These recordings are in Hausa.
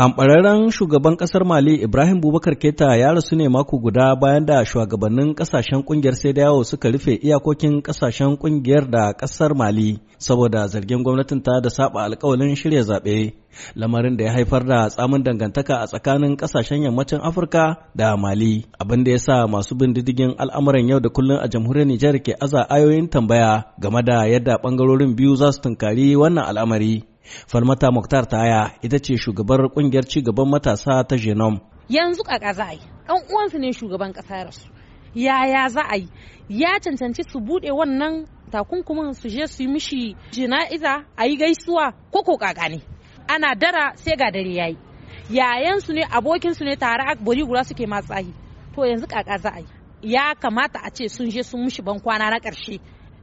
Hamɓararren shugaban ƙasar Mali Ibrahim Bubakar Keta ya rasu ne mako guda bayan da shugabannin ƙasashen ƙungiyar sai da yawo suka rufe iyakokin ƙasashen ƙungiyar da ƙasar Mali saboda zargin gwamnatin ta da saba alƙawalin shirya zaɓe. Lamarin da ya haifar da tsamin dangantaka a tsakanin ƙasashen yammacin Afirka da Mali, abin da ya sa masu bin diddigin al'amuran yau da kullum a jamhuriyar Nijar ke aza ayoyin tambaya game da yadda bangarorin biyu za su tunkari wannan al'amari. Falmata Muktar Taya ita ce shugabar kungiyar cigaban matasa ta Genome. Yanzu kaka za a yi, ɗan uwansu ne shugaban ƙasa Yaya za a yi? Ya cancanci su buɗe wannan takunkumin su je su yi mishi jina'iza a yi gaisuwa ko ko kaka ne. Ana dara sai ga dare yayi. Yayansu ne abokinsu ne tare a bori gura suke matsayi. To yanzu kaka za a yi. Ya kamata a ce sun je sun mishi ban kwana na ƙarshe.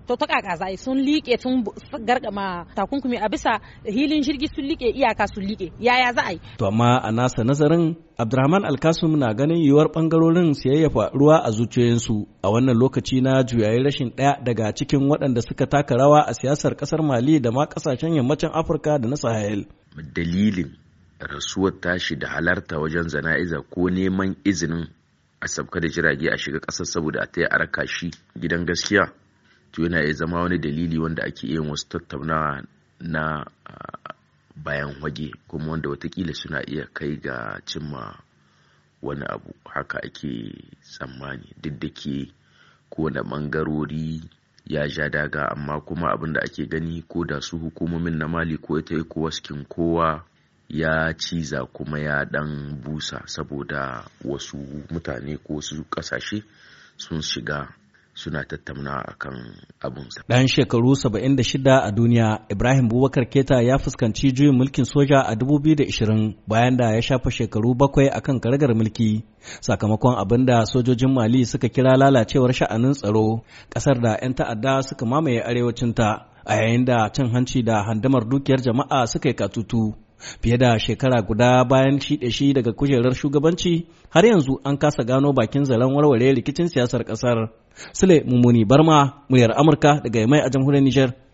to ta kakaza sun liƙe sun gargama takunkumi a bisa hilin jirgi sun liƙe iyaka sun liƙe yaya za a yi to amma a nasa nazarin Abdurrahman Alkasum na ganin yiwuwar bangarorin su yayyafa ruwa a zuciyoyinsu a wannan lokaci na juyayi rashin ɗaya daga cikin waɗanda suka taka rawa a siyasar ƙasar Mali da ma ƙasashen yammacin Afirka da na Sahel. Dalilin rasuwar tashi da halarta wajen zana'iza ko neman izinin a sabka da jirage a shiga ƙasar saboda a taya a shi gidan gaskiya to yana iya zama wani dalili wanda ake iya wasu tattaunawa na bayan wage kuma wanda watakila suna iya kai ga cimma wani abu haka ake tsammani duk da ke kowane ɓangarori ya sha daga amma kuma abin da ake gani ko da su hukumomin na mali ko ita waskin kowa ya ciza kuma ya dan busa saboda wasu mutane ko wasu kasashe sun shiga suna tattauna akan abun dan shekaru 76 a duniya Ibrahim Bubakar Keta ya fuskanci juyin mulkin soja a 2020 bayan da ya shafa shekaru bakwai akan karagar mulki sakamakon abin da sojojin Mali suka kira lalacewar sha'anin tsaro ƙasar da 'yan ta'adda suka mamaye arewacinta a yayin da cin hanci da handamar dukiyar jama'a suka yi katutu Fiye da shekara guda bayan shiɗe shi daga kujerar shugabanci, har yanzu an kasa gano bakin zaren warware rikicin siyasar ƙasar. Sule Mummuni Barma, muryar Amurka daga Yamai a jamhuriyar Nijar.